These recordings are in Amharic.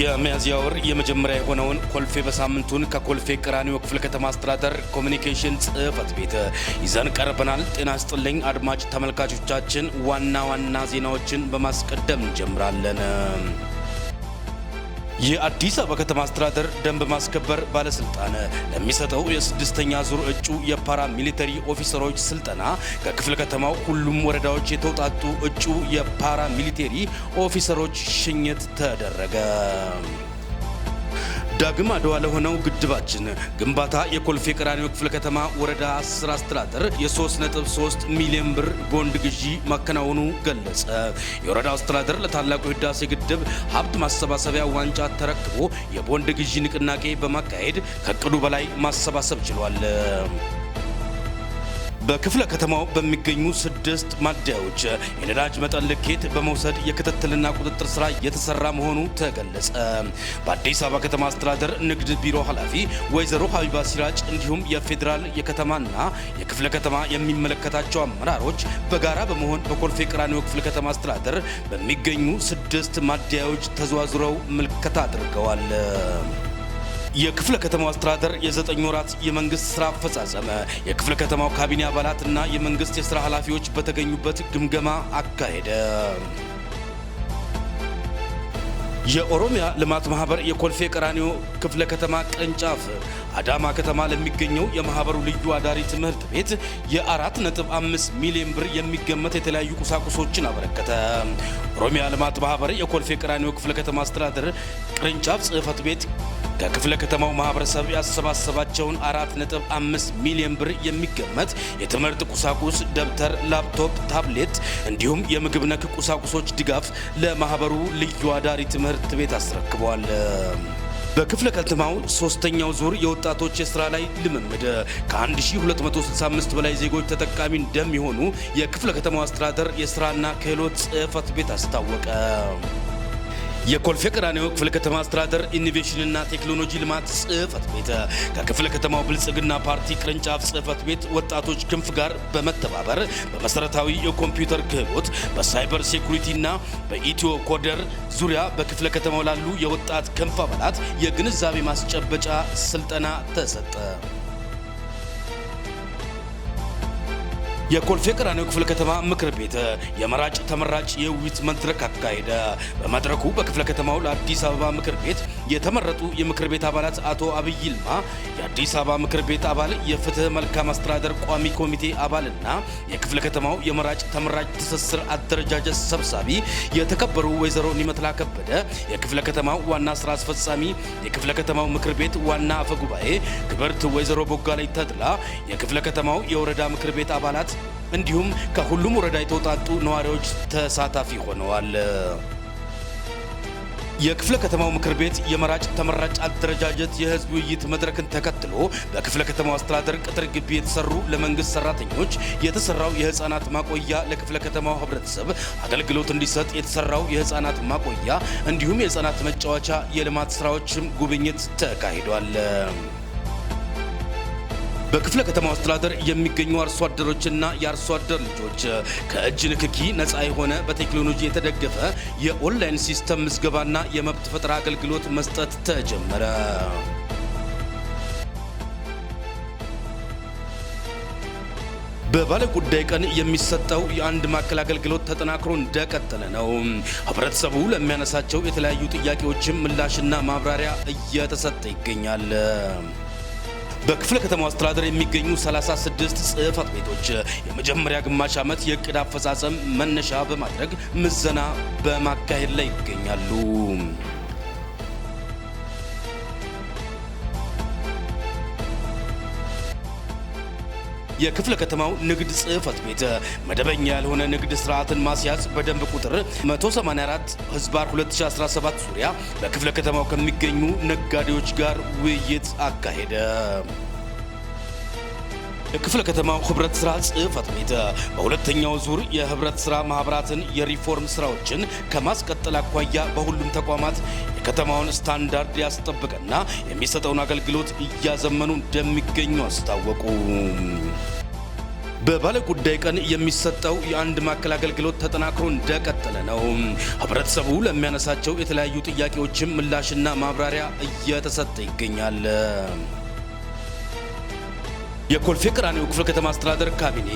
የሚያዝያ ወር የመጀመሪያ የሆነውን ኮልፌ በሳምንቱን ከኮልፌ ቀራኒዮ ክፍለ ከተማ አስተዳደር ኮሚኒኬሽን ጽህፈት ቤት ይዘን ቀርበናል። ጤና ስጥልኝ አድማጭ ተመልካቾቻችን፣ ዋና ዋና ዜናዎችን በማስቀደም እንጀምራለን። የአዲስ አበባ ከተማ አስተዳደር ደንብ ማስከበር ባለስልጣን ለሚሰጠው የስድስተኛ ዙር እጩ የፓራ ሚሊተሪ ኦፊሰሮች ስልጠና ከክፍለ ከተማው ሁሉም ወረዳዎች የተውጣጡ እጩ የፓራ ሚሊተሪ ኦፊሰሮች ሽኝት ተደረገ። ዳግም አድዋ ለሆነው ግድባችን ግንባታ የኮልፌ ቀራኒዮ ክፍለ ከተማ ወረዳ 10 አስተዳደር የ3.3 ሚሊዮን ብር ቦንድ ግዢ ማከናወኑ ገለጸ። የወረዳ አስተዳደር ለታላቁ ህዳሴ ግድብ ሀብት ማሰባሰቢያ ዋንጫ ተረክቦ የቦንድ ግዢ ንቅናቄ በማካሄድ ከእቅዱ በላይ ማሰባሰብ ችሏል። በክፍለ ከተማው በሚገኙ ስድስት ማደያዎች የነዳጅ መጠን ልኬት በመውሰድ የክትትልና ቁጥጥር ስራ የተሰራ መሆኑ ተገለጸ። በአዲስ አበባ ከተማ አስተዳደር ንግድ ቢሮ ኃላፊ ወይዘሮ ሀቢባ ሲራጭ እንዲሁም የፌዴራል የከተማና የክፍለ ከተማ የሚመለከታቸው አመራሮች በጋራ በመሆን በኮልፌ ቀራኒዮ ክፍለ ከተማ አስተዳደር በሚገኙ ስድስት ማደያዎች ተዘዋዝረው ምልከታ አድርገዋል። የክፍለ ከተማው አስተዳደር የዘጠኝ ወራት የመንግስት ስራ አፈጻጸመ የክፍለ ከተማው ካቢኔ አባላትና የመንግስት የስራ ኃላፊዎች በተገኙበት ግምገማ አካሄደ። የኦሮሚያ ልማት ማህበር የኮልፌ ቀራኒዮ ክፍለ ከተማ ቅርንጫፍ አዳማ ከተማ ለሚገኘው የማህበሩ ልዩ አዳሪ ትምህርት ቤት የአራት ነጥብ አምስት ሚሊዮን ብር የሚገመት የተለያዩ ቁሳቁሶችን አበረከተ። ኦሮሚያ ልማት ማህበር የኮልፌ ቀራኒዮ ክፍለ ከተማ አስተዳደር ቅርንጫፍ ጽህፈት ቤት ከክፍለ ከተማው ማህበረሰብ ያሰባሰባቸውን አራት ነጥብ አምስት ሚሊዮን ብር የሚገመት የትምህርት ቁሳቁስ ደብተር፣ ላፕቶፕ፣ ታብሌት እንዲሁም የምግብ ነክ ቁሳቁሶች ድጋፍ ለማህበሩ ልዩ አዳሪ ትምህርት ቤት አስረክበዋል። በክፍለ ከተማው ሶስተኛው ዙር የወጣቶች የስራ ላይ ልምምድ ከ1265 በላይ ዜጎች ተጠቃሚ እንደሚሆኑ የክፍለ ከተማው አስተዳደር የስራና ክህሎት ጽህፈት ቤት አስታወቀ። የኮልፌ ቀራኒዮ ክፍለ ከተማ አስተዳደር ኢኖቬሽንና ቴክኖሎጂ ልማት ጽህፈት ቤት ከክፍለ ከተማው ብልጽግና ፓርቲ ቅርንጫፍ ጽህፈት ቤት ወጣቶች ክንፍ ጋር በመተባበር በመሰረታዊ የኮምፒውተር ክህሎት በሳይበር ሴኩሪቲና በኢትዮ ኮደር ዙሪያ በክፍለ ከተማው ላሉ የወጣት ክንፍ አባላት የግንዛቤ ማስጨበጫ ስልጠና ተሰጠ። የኮልፌ ቀራኒዮ ክፍለ ከተማ ምክር ቤት የመራጭ ተመራጭ የውይይት መድረክ አካሄደ። በመድረኩ በክፍለ ከተማው ለአዲስ አበባ ምክር ቤት የተመረጡ የምክር ቤት አባላት አቶ አብይ ይልማ የአዲስ አበባ ምክር ቤት አባል የፍትህ መልካም አስተዳደር ቋሚ ኮሚቴ አባልና የክፍለ ከተማው የመራጭ ተመራጭ ትስስር አደረጃጀት ሰብሳቢ የተከበሩ ወይዘሮ ኒመትላ ከበደ የክፍለ ከተማው ዋና ስራ አስፈጻሚ የክፍለ ከተማው ምክር ቤት ዋና አፈ ጉባኤ ክብርት ወይዘሮ ቦጋላይ ተድላ የክፍለ ከተማው የወረዳ ምክር ቤት አባላት እንዲሁም ከሁሉም ወረዳ የተውጣጡ ነዋሪዎች ተሳታፊ ሆነዋል። የክፍለ ከተማው ምክር ቤት የመራጭ ተመራጭ አደረጃጀት የህዝብ ውይይት መድረክን ተከትሎ በክፍለ ከተማው አስተዳደር ቅጥር ግቢ የተሰሩ ለመንግስት ሰራተኞች የተሰራው የህፃናት ማቆያ ለክፍለ ከተማው ህብረተሰብ አገልግሎት እንዲሰጥ የተሰራው የህፃናት ማቆያ እንዲሁም የህፃናት መጫወቻ የልማት ስራዎችም ጉብኝት ተካሂዷል። በክፍለ ከተማ አስተዳደር የሚገኙ አርሶ አደሮችና የአርሶ አደር ልጆች ከእጅ ንክኪ ነፃ የሆነ በቴክኖሎጂ የተደገፈ የኦንላይን ሲስተም ምዝገባና የመብት ፈጠራ አገልግሎት መስጠት ተጀመረ። በባለ ጉዳይ ቀን የሚሰጠው የአንድ ማዕከል አገልግሎት ተጠናክሮ እንደቀጠለ ነው። ህብረተሰቡ ለሚያነሳቸው የተለያዩ ጥያቄዎችም ምላሽና ማብራሪያ እየተሰጠ ይገኛል። በክፍለ ከተማ አስተዳደር የሚገኙ 36 ጽህፈት ቤቶች የመጀመሪያ ግማሽ ዓመት የእቅድ አፈጻጸም መነሻ በማድረግ ምዘና በማካሄድ ላይ ይገኛሉ። የክፍለ ከተማው ንግድ ጽህፈት ቤት መደበኛ ያልሆነ ንግድ ስርዓትን ማስያዝ በደንብ ቁጥር 184 ህዝባር 2017 ዙሪያ በክፍለ ከተማው ከሚገኙ ነጋዴዎች ጋር ውይይት አካሄደ። የክፍለ ከተማው ህብረት ስራ ጽህፈት ቤት በሁለተኛው ዙር የህብረት ስራ ማህበራትን የሪፎርም ስራዎችን ከማስቀጠል አኳያ በሁሉም ተቋማት የከተማውን ስታንዳርድ ያስጠበቀና የሚሰጠውን አገልግሎት እያዘመኑ እንደሚገኙ አስታወቁ። በባለ ጉዳይ ቀን የሚሰጠው የአንድ ማዕከል አገልግሎት ተጠናክሮ እንደቀጠለ ነው። ህብረተሰቡ ለሚያነሳቸው የተለያዩ ጥያቄዎችም ምላሽና ማብራሪያ እየተሰጠ ይገኛል። የኮልፌ ቀራኒዮ ክፍለ ከተማ አስተዳደር ካቢኔ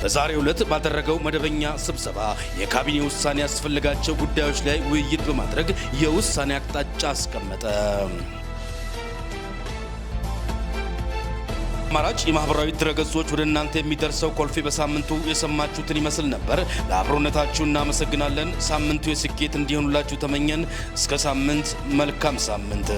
በዛሬው ዕለት ባደረገው መደበኛ ስብሰባ የካቢኔ ውሳኔ ያስፈልጋቸው ጉዳዮች ላይ ውይይት በማድረግ የውሳኔ አቅጣጫ አስቀመጠ። አማራጭ የማህበራዊ ድረገጾች ወደ እናንተ የሚደርሰው ኮልፌ በሳምንቱ የሰማችሁትን ይመስል ነበር። ለአብሮነታችሁ እናመሰግናለን። ሳምንቱ የስኬት እንዲሆኑላችሁ ተመኘን። እስከ ሳምንት መልካም ሳምንት